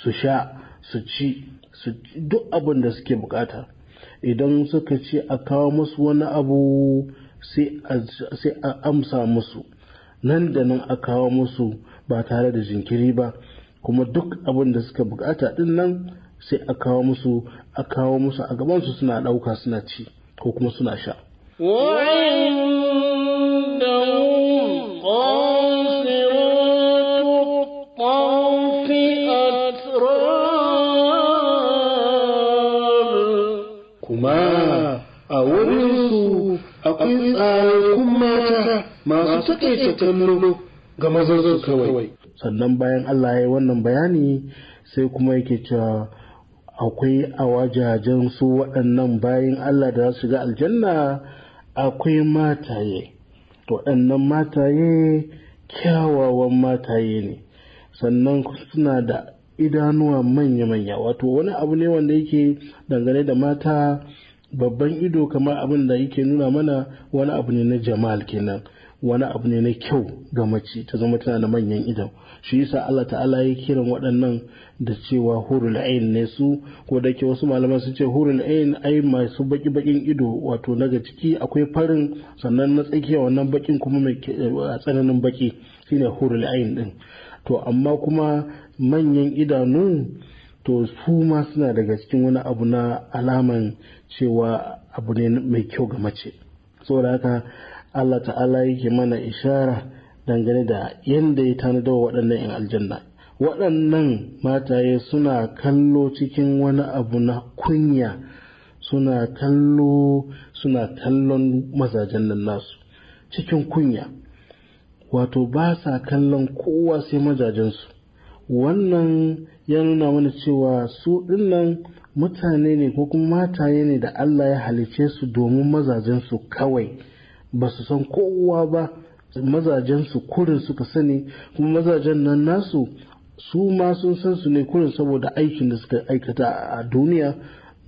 S7: su sha su ci su duk abin da suke bukata idan suka ce a kawo musu wani abu sai a amsa musu nan da nan a kawo musu ba tare da jinkiri ba kuma duk abin da suka bukata din nan sai a kawo musu a kawo musu a gabansu suna ɗauka suna ci. ko kuma suna sha
S8: kuma a
S7: wurinsu akwai tsararrun
S8: mata masu taƙaita kallo
S7: ga mazansu kawai sannan bayan Allah ya yi wannan bayani sai kuma yake cewa akwai a wajajen su waɗannan bayan Allah da su shiga aljanna akwai mataye waɗannan mataye kyawawan mataye ne sannan suna da idanuwa manya-manya wato wani abu ne wanda yake dangane da mata babban ido kamar abin da yake nuna mana wani abu ne na jamal kenan wani abu ne na kyau ga mace ta zama tana da manyan ido shi yasa Allah ta'ala ya kiran waɗannan da cewa hurul ain ne su ko da ke wasu malaman sun ce hurul ain ai masu baki bakin ido wato naga ciki akwai farin sannan na tsakiya wannan bakin kuma mai eh, tsananin baki shine hurul ain din to amma kuma manyan idanu to su ma suna daga cikin wani abu na alaman cewa abu ne mai kyau ga mace saboda haka Allah ta'ala yake mana ishara dangane da yadda ya tanadar waɗannan 'yan aljanna waɗannan mataye suna kallo cikin wani abu na kunya suna kallo suna kallon mazajen nan nasu cikin kunya wato ba sa kallon kowa sai mazajensu wannan ya nuna mana cewa su dinnan mutane ne ko kuma mataye ne da Allah ya halice su domin mazajensu kawai ba su san kowa ba mazajensu kurin suka sani kuma mazajen nan nasu su ma sun san su ne kurin saboda aikin da suka aikata a duniya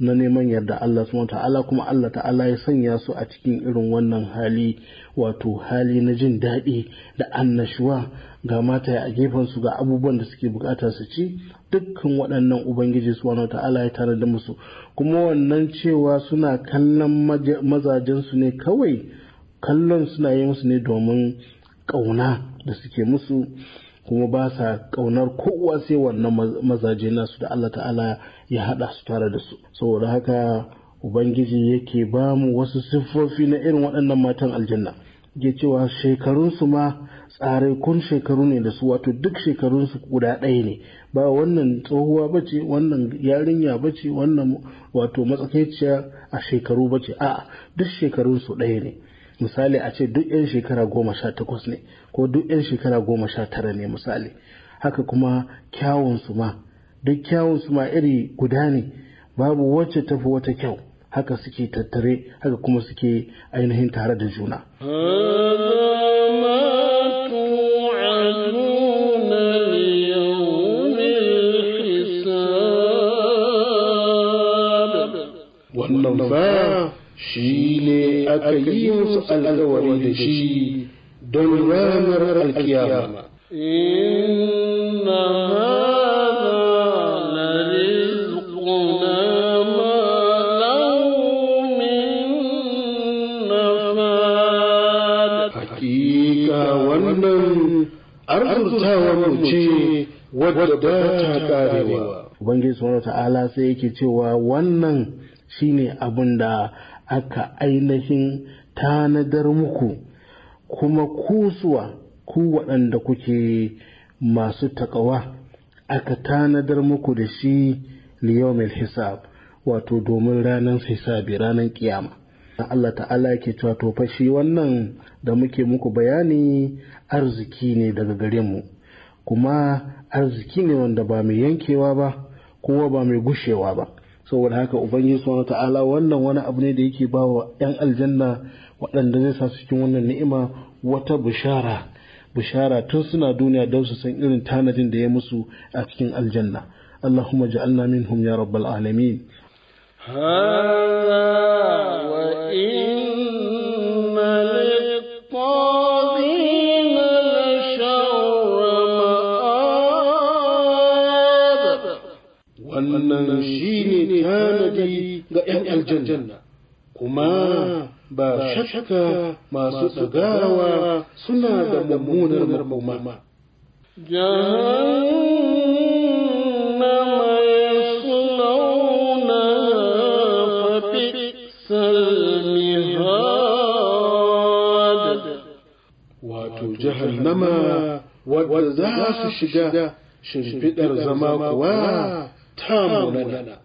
S7: na neman yarda Allah subhanahu ta'ala kuma Allah ta'ala ya sanya su a cikin irin wannan hali wato hali na jin daɗi da annashuwa ga mata a gefen su ga abubuwan da suke bukata su ci dukkan waɗannan ubangiji subhanahu ta'ala ya tare da musu kuma wannan cewa suna kallon mazajen su ne kawai kallon suna yi musu ne domin ƙauna da suke musu kuma ba sa ƙaunar kowa sai wannan mazaje nasu da Allah ta'ala ya haɗa su tare da su saboda haka ubangiji yake ba mu wasu siffofi na irin waɗannan matan aljanna ke cewa shekarunsu ma tsaraikun shekaru ne da su wato duk shekarunsu guda ɗaya ne ba wannan tsohuwa bace wannan yarinya bace wannan wato matsakaiciya a shekaru bace a'a duk shekarunsu ɗaya ne misali a ce duk 'yan shekara goma sha takwas ne ko duk 'yan shekara goma sha tara ne misali haka kuma kyawun su ma duk kyawun su ma iri guda ne babu wacce tafi wata kyau haka suke tattare haka kuma suke ainihin tare da juna.
S8: wannan shi ne
S7: aka yi musu alkawari da shi don ranar alkiyama. Hakika wannan arzutawar mu ce wadda ta karewa. Ubangiji Subhanahu ta'ala sai yake cewa wannan shi ne abin da aka ainihin tanadar muku kuma kusuwa ku waɗanda kuke masu taƙawa aka tanadar muku da shi liyomil hisab wato domin ranar hisabi ranar kiyama Allah ta'ala ke cewa to fa shi wannan da muke muku bayani arziki ne daga gare mu kuma arziki ne wanda ba mai yankewa ba kuma ba mai gushewa ba saboda haka ubangiji subhanahu ta'ala wannan wani abu ne da yake ba wa 'yan aljanna waɗanda zai sa cikin wannan ni'ima wata bishara bishara tun suna duniya don su san irin tanadin da ya musu a cikin aljanna allahumma ja'alna minhum ya rabbal alamin هذا إيه، إيه، الجنة كما باشكا ما سدقاوا سنة دمونا مرموما
S8: جهنم ما يصلون فبئس المهاد
S7: واتو جهنم وذاس الشجاة شنفئر زماك وا تامنا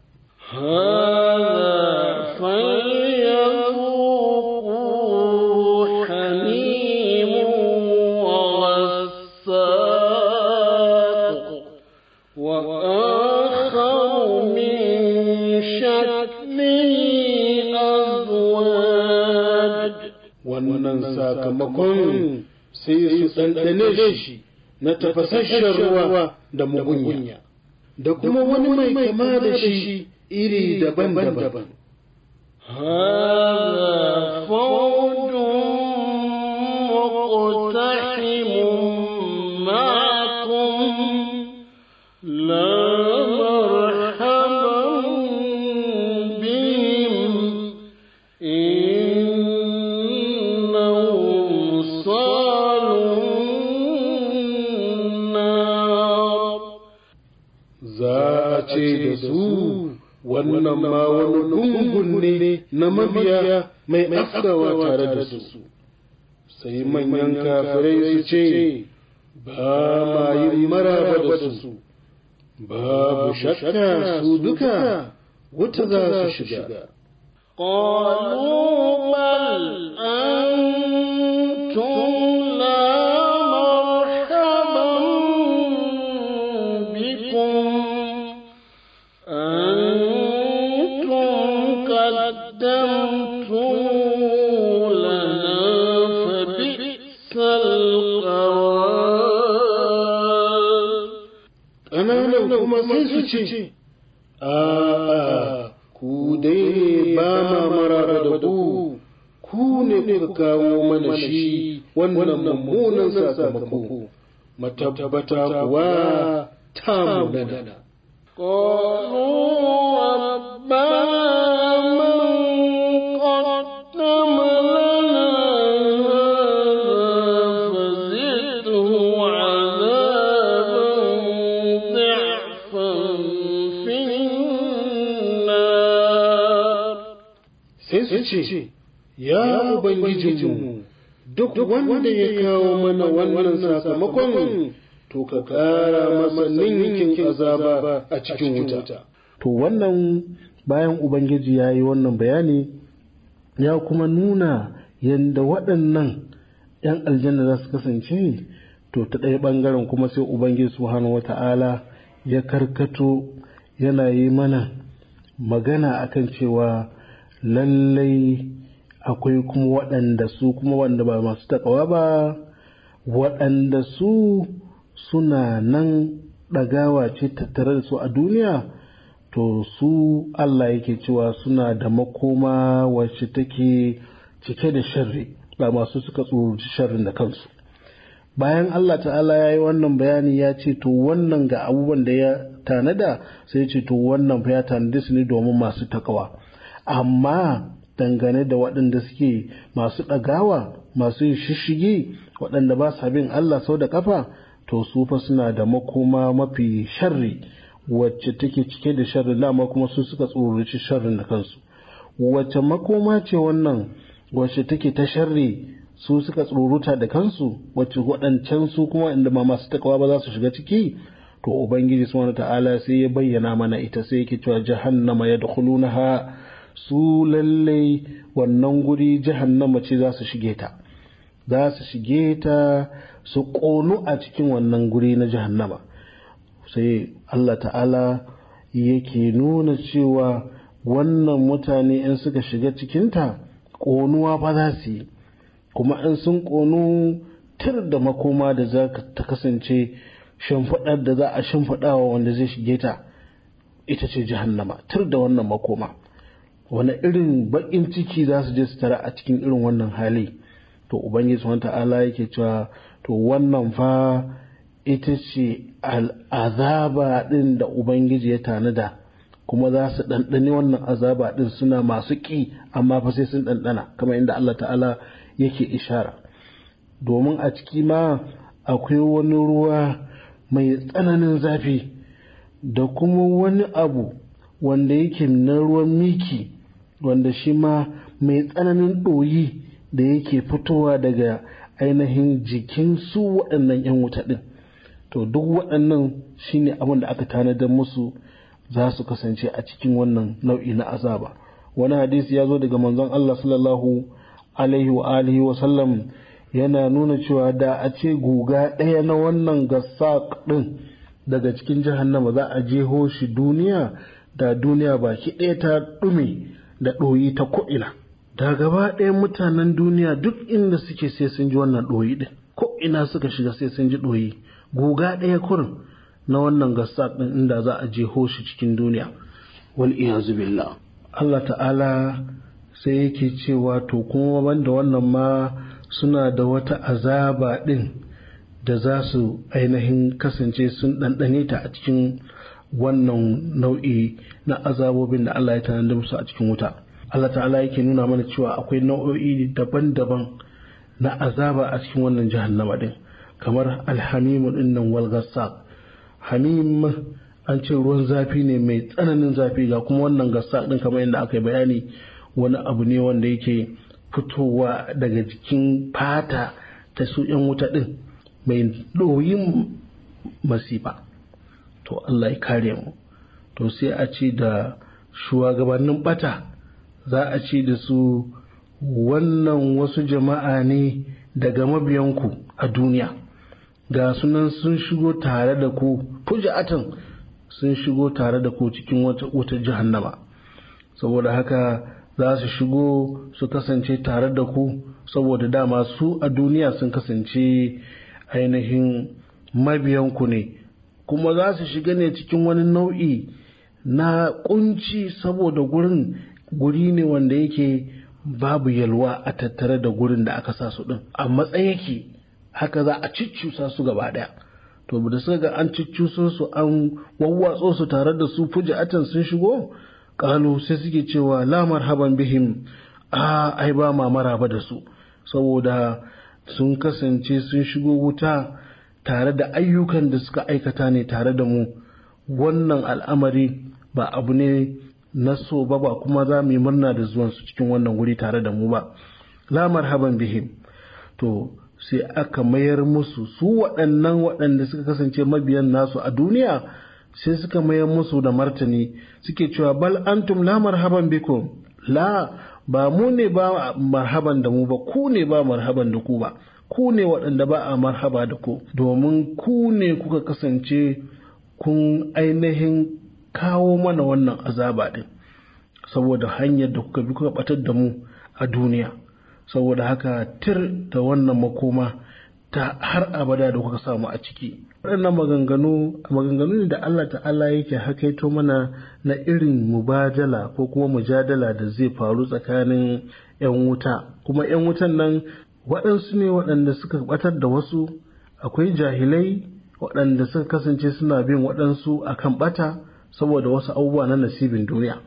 S7: wannan sakamakon sai su ɗanɗane shi na tafasasshen ruwa da mugunya da kuma wani mai kama da shi iri daban-daban. Hada faudun
S8: maƙotai
S7: wannan ma wani gungun ne na mabiya mai afkawa tare da su sai manyan kafirai su ce ba ma yi maraba da su babu shakka su duka wuta za su shiga
S8: Ƙonu بل kuma su ce,
S7: ku dai ba ma maraba ku, ne ku kawo mana shi wannan mummunan sakamako, matabbata kuwa ta munana. Ubangijinmu, duk wanda ya kawo mana wannan sakamakon to ka kara masa ninkin azaba a cikin wuta. To wannan bayan Ubangiji ya yi wannan bayani ya kuma nuna yadda waɗannan ‘yan aljanna za su kasance to ta ɗaya ɓangaren kuma sai Ubangiji Subhanahu wa ta'ala ya karkato yana yi mana magana akan cewa lallai akwai kuma waɗanda su kuma wanda ba masu takawa ba waɗanda su suna nan ɗagawa ce tattare da su a duniya to su Allah yake cewa suna da makoma wacce take cike da sharri ba masu suka tsoronci sharrin da kansu bayan Allah ta'ala ya yi wannan bayani ya ce to wannan ga abubuwan da ya tanada sai ce to wannan ya tanadi su ne domin masu takawa amma dangane da waɗanda suke masu ɗagawa masu yin shishige waɗanda ba su bin Allah sau da ƙafa to su fa suna da makoma mafi sharri wacce take cike da sharri lama kuma su suka tsoroci sharrin da kansu wacce makoma ce wannan wacce take ta sharri su suka tsoruta da kansu wacce waɗancan su kuma inda ma masu takawa ba za su shiga ciki to ubangiji subhanahu ta'ala sai ya bayyana mana ita sai yake cewa jahannama yadkhulunaha su lallai wannan guri jahannama ce za su shige ta za su shige ta su ƙonu a cikin wannan guri na jahannama sai Allah ta'ala yake nuna cewa wannan mutane in suka shiga cikinta ƙonuwa ba za su yi kuma in sun ƙonu tir da makoma da za ta kasance shimfiɗar da za a shimfiɗawa wanda zai shige ta ita ce jahannama tir da wannan makoma wani irin baƙin ciki za su je su tara a cikin irin wannan hali to ubangiji wani ta'ala yake cewa to wannan fa ita ce azaba ɗin da ubangiji ya tanada kuma za su ɗanɗani wannan azaba ɗin suna masu ƙi amma fa sai sun ɗanɗana kamar inda Allah ta'ala yake ishara domin a ciki ma akwai wani ruwa mai tsananin zafi da kuma wani abu wanda yake na ruwan miki wanda shi ma mai tsananin ɗoyi da yake fitowa daga ainihin jikin su waɗannan 'yan wuta ɗin to duk waɗannan shine abin da aka tanadar musu za su kasance a cikin wannan nau'i na azaba wani hadisi ya zo daga manzon Allah sallallahu alaihi wa alihi wa sallam yana nuna cewa da a ce guga ɗaya na wannan gasak ɗin daga cikin jahannama za a jeho shi duniya da duniya baki ɗaya ta ɗume da ɗoyi ta ko'ina da gaba ɗaya mutanen duniya duk inda suke sai sun ji wannan ɗoyi ɗin ko'ina suka shiga sai sun ji ɗoyi guga ɗaya kurin na wannan gasar ɗin inda za a je hoshi cikin duniya wal iyazu billah Allah ta'ala sai yake cewa to kuma banda wannan ma suna da wata azaba ɗin da za su ainihin kasance sun ɗanɗane ta a cikin wannan nau'i na azabobin da Allah ya tanada musu a cikin wuta Allah ta'ala yake nuna mana cewa akwai nau'o'i daban-daban na azaba a cikin wannan jahannama din kamar alhamimu din nan wal hamim an ce ruwan zafi ne mai tsananin zafi ga kuma wannan gassaq din kamar yadda aka bayani wani abu ne wanda yake fitowa daga jikin fata ta su 'yan wuta din mai ɗoyin masifa to Allah ya kare mu to sai a ce da shugabannin bata za a ci da su wannan wasu jama'a ne daga mabiyanku a duniya ga sunan sun shigo tare da ku fuja'atan sun shigo tare da ku cikin wata jahannama saboda haka za su shigo su kasance tare da ku saboda dama su a duniya sun kasance ainihin mabiyanku ne kuma za su shiga ne cikin wani nau'i na kunci saboda gurin guri ne wanda yake babu yalwa a tattare da gurin da aka sa su din a matsayake haka za a ciccusa su gaba daya to da suka ga an ciccuso su an wawwatso su tare da su fuji'atan sun shigo kalu sai suke cewa la marhaban bihim a ai ba ma maraba da su saboda sun kasance sun shigo wuta tare da ayyukan da suka aikata ne tare da mu wannan al'amari ba abu ne na so ba ba kuma za mu yi murna da zuwan su cikin wannan wuri tare da mu ba la marhaban bihim to sai aka mayar musu su waɗannan waɗanda suka kasance mabiyan nasu a duniya sai suka mayar musu da martani suke cewa bal antum la marhaban bikum la ba mu ne ba marhaban da mu ba ku ne ba marhaban da ku ba ku ne waɗanda ba a marhaba da ku domin ku ne kuka kasance kun ainihin kawo mana wannan azaba ɗin saboda hanyar da kuka bi kuka ɓatar da mu a duniya saboda haka tir da wannan makoma ta har abada da kuka samu a ciki waɗannan maganganu maganganu ne da Allah ta'ala yake hakaito mana na irin mubadala ko kuma mujadala da zai faru tsakanin 'yan wuta kuma 'yan wutan nan waɗansu ne waɗanda suka ɓatar da wasu akwai jahilai waɗanda suka kasance suna bin waɗansu akan kan ɓata saboda wasu abubuwa na nasibin duniya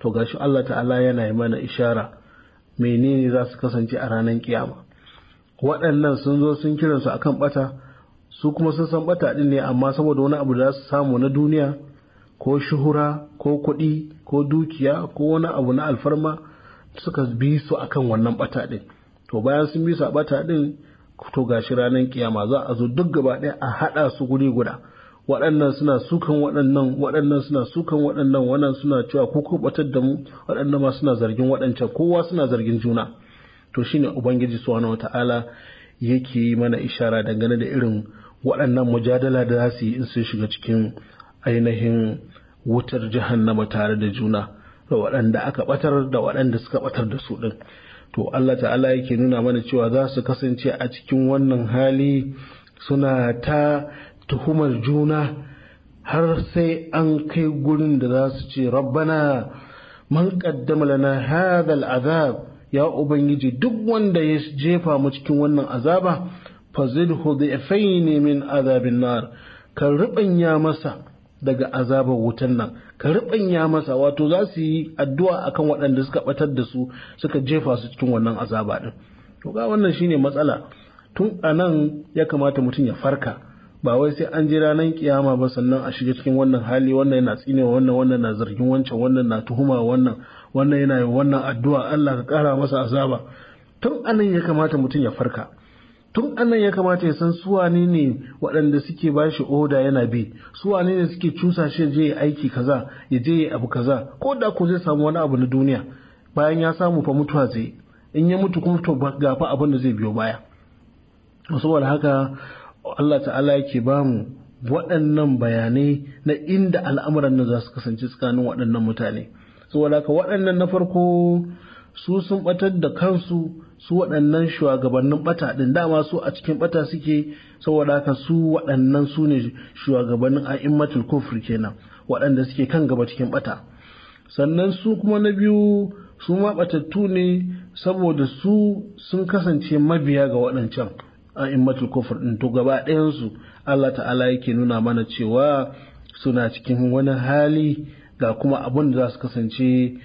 S7: to gashi Allah ta'ala yana yi mana ishara menene za su kasance a ranar kiyama waɗannan sun zo sun kiransu su akan ɓata su kuma sun san ɓata ɗin ne amma saboda wani abu da za su samu na duniya ko shuhura ko kuɗi ko dukiya ko wani abu na alfarma suka bi su akan wannan ɓata ɗin to bayan sun bi sabata din to gashi ranar kiyama za a zo duk gaba ɗaya a haɗa su guri guda waɗannan suna sukan waɗannan waɗannan suna sukan waɗannan wannan suna cewa ku batar da mu waɗannan ma suna zargin waɗancan kowa suna zargin juna to shine ubangiji subhanahu wata'ala yake yi mana ishara dangane da irin waɗannan mujadala da za su yi in sun shiga cikin ainihin wutar jahannama tare da juna da waɗanda aka ɓatar da waɗanda suka ɓatar da su ɗin to Allah ta'ala yake nuna mana cewa za su kasance a cikin wannan hali suna ta tuhumar juna har sai an kai gurin da za su ce rabbana man qaddama lana hadha al'azab ya ubangiji duk wanda ya jefa mu cikin wannan azaba fazidhu dhi'fayn min azabin nar ka ruɓanya masa daga azabar wutan nan ka riɓanya masa wato za su yi addu'a akan waɗanda suka ɓatar da su suka jefa su cikin wannan azaba din. to ga wannan shine matsala tun a nan ya kamata mutum ya farka ba wai sai an jira ranar kiyama ba sannan a shiga cikin wannan hali wannan yana tsinewa wannan wannan na zargin wancan wannan na tuhuma wannan wannan yana yin wannan addu'a Allah ka kara masa azaba tun anan ya kamata mutum ya farka tun anan ya kamata ya san suwane ne waɗanda suke ba shi oda yana bi suwane ne suke cusa shi je ya aiki kaza ya je ya abu kaza ko da ko zai samu wani abu na duniya bayan ya samu fa mutuwa zai in ya mutu kuma to ga fa abin da zai biyo baya saboda haka Allah ta'ala yake ba mu waɗannan bayanai na inda al'amuran nan za su kasance tsakanin waɗannan mutane saboda haka waɗannan na farko su sun batar da kansu su waɗannan shugabannin bata ɗin dama su a cikin bata suke saboda haka su waɗannan su ne shugabannin a'immatul kofur kenan waɗanda suke kan gaba cikin bata sannan su kuma na biyu su ma batattu ne saboda su sun kasance mabiya ga waɗancan a'immatul kufr ɗin to gaba ɗayansu Allah ta'ala yake nuna mana cewa suna cikin wani hali ga kuma abin da za su kasance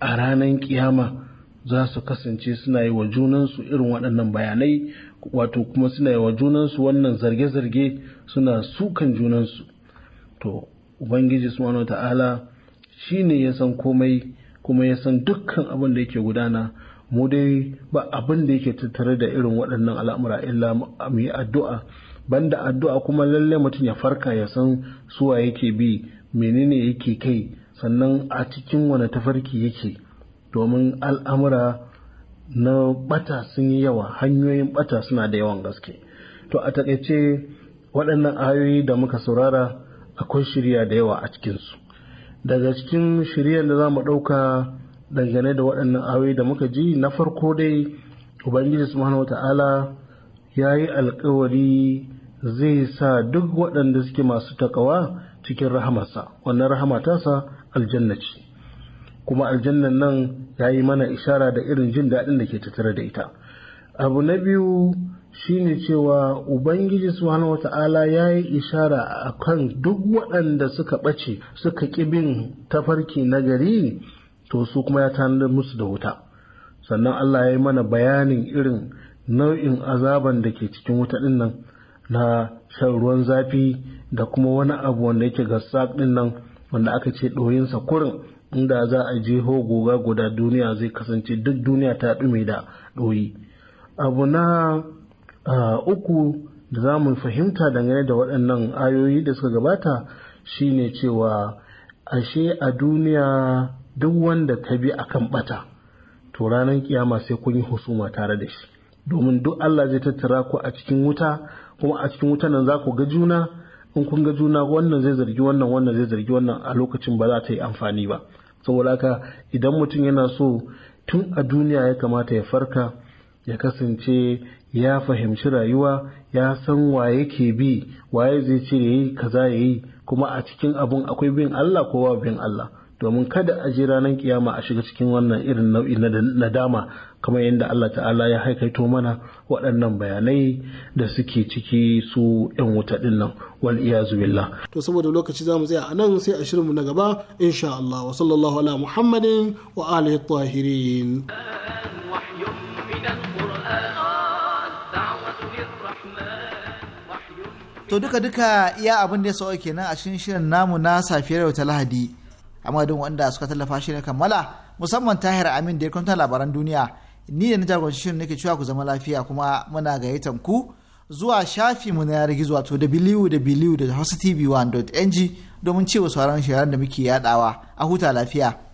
S7: a ranar kiyama za su kasance suna yi wa junansu irin waɗannan bayanai wato kuma suna yi wa junansu wannan zarge-zarge suna sukan junansu to ubangiji subhanahu ta'ala shi ne ya san komai kuma ya san dukkan abin da yake gudana mu dai ba abin da yake tattare da irin waɗannan al'amura illa mu yi addu'a banda addu'a kuma lalle mutum ya farka ya san suwa yake bi menene yake kai sannan a cikin wani tafarki yake domin al'amura na bata sun yi yawa hanyoyin bata suna da yawan gaske to a takaice waɗannan ayoyi da muka saurara akwai shirya da yawa a cikinsu daga cikin shiryar da za mu ɗauka dangane da waɗannan ayoyi da muka ji na farko dai ubangiji subhanahu wata'ala ya yi alkawari zai sa duk waɗanda suke masu takawa cikin rahamarsa wannan rahama tasa aljanna ce kuma aljannan nan ya yi mana ishara da irin jin daɗin da ke tattare da ita abu na biyu shine cewa ubangiji subhanahu wata'ala ya yi ishara a kan duk waɗanda suka ɓace suka ƙibin tafarki na gari to su kuma ya tanar musu da wuta sannan allah ya yi mana bayanin irin nau'in azaban da ke cikin wuta ɗin nan na shan ruwan zafi da kuma wani abu wanda yake gassak ɗin nan wanda aka ce ɗoyinsa kurin inda za a jeho goga guda duniya zai kasance duk duniya ta ɗume da ɗoyi abu na uku da za mu fahimta dangane da waɗannan ayoyi da suka gabata shine cewa ashe a duniya duk wanda ka bi akan ɓata. to ranar kiyama sai kun yi husuma tare da shi domin duk Allah zai tattara ku a cikin wuta kuma a cikin wutan nan za ku ga juna in kun ga juna wannan zai zargi wannan wannan zai zargi wannan a lokacin ba za ta yi amfani ba saboda haka idan mutum yana so tun a duniya ya kamata ya farka ya kasance ya fahimci rayuwa ya san waye ke bi waye zai ce yayi kaza yayi kuma a cikin abun akwai bin Allah ko bin Allah domin kada a ji ranar kiyama a shiga cikin wannan irin nau'i na nadama kamar yadda Allah ta'ala ya haikaito mana waɗannan bayanai da suke ciki su 'yan wuta ɗin nan wal iyazu billah to saboda lokaci zamu tsaya a nan sai a shirinmu na gaba insha Allah wa sallallahu ala muhammadin wa alihi tahirin
S1: To duka-duka iya abin da ya sauke kenan a cikin shirin namu na safiyar yau ta Lahadi. amma don wanda suka tallafa shi ne kammala musamman tahir amin da ya kwanta labaran duniya ni da na jagoranci shirin nake cewa ku zama lafiya kuma muna gayyatan ku zuwa shafi mu na yanar gizo wato wwwhostv 1ng domin cewa sauran shirin da muke yadawa a huta lafiya.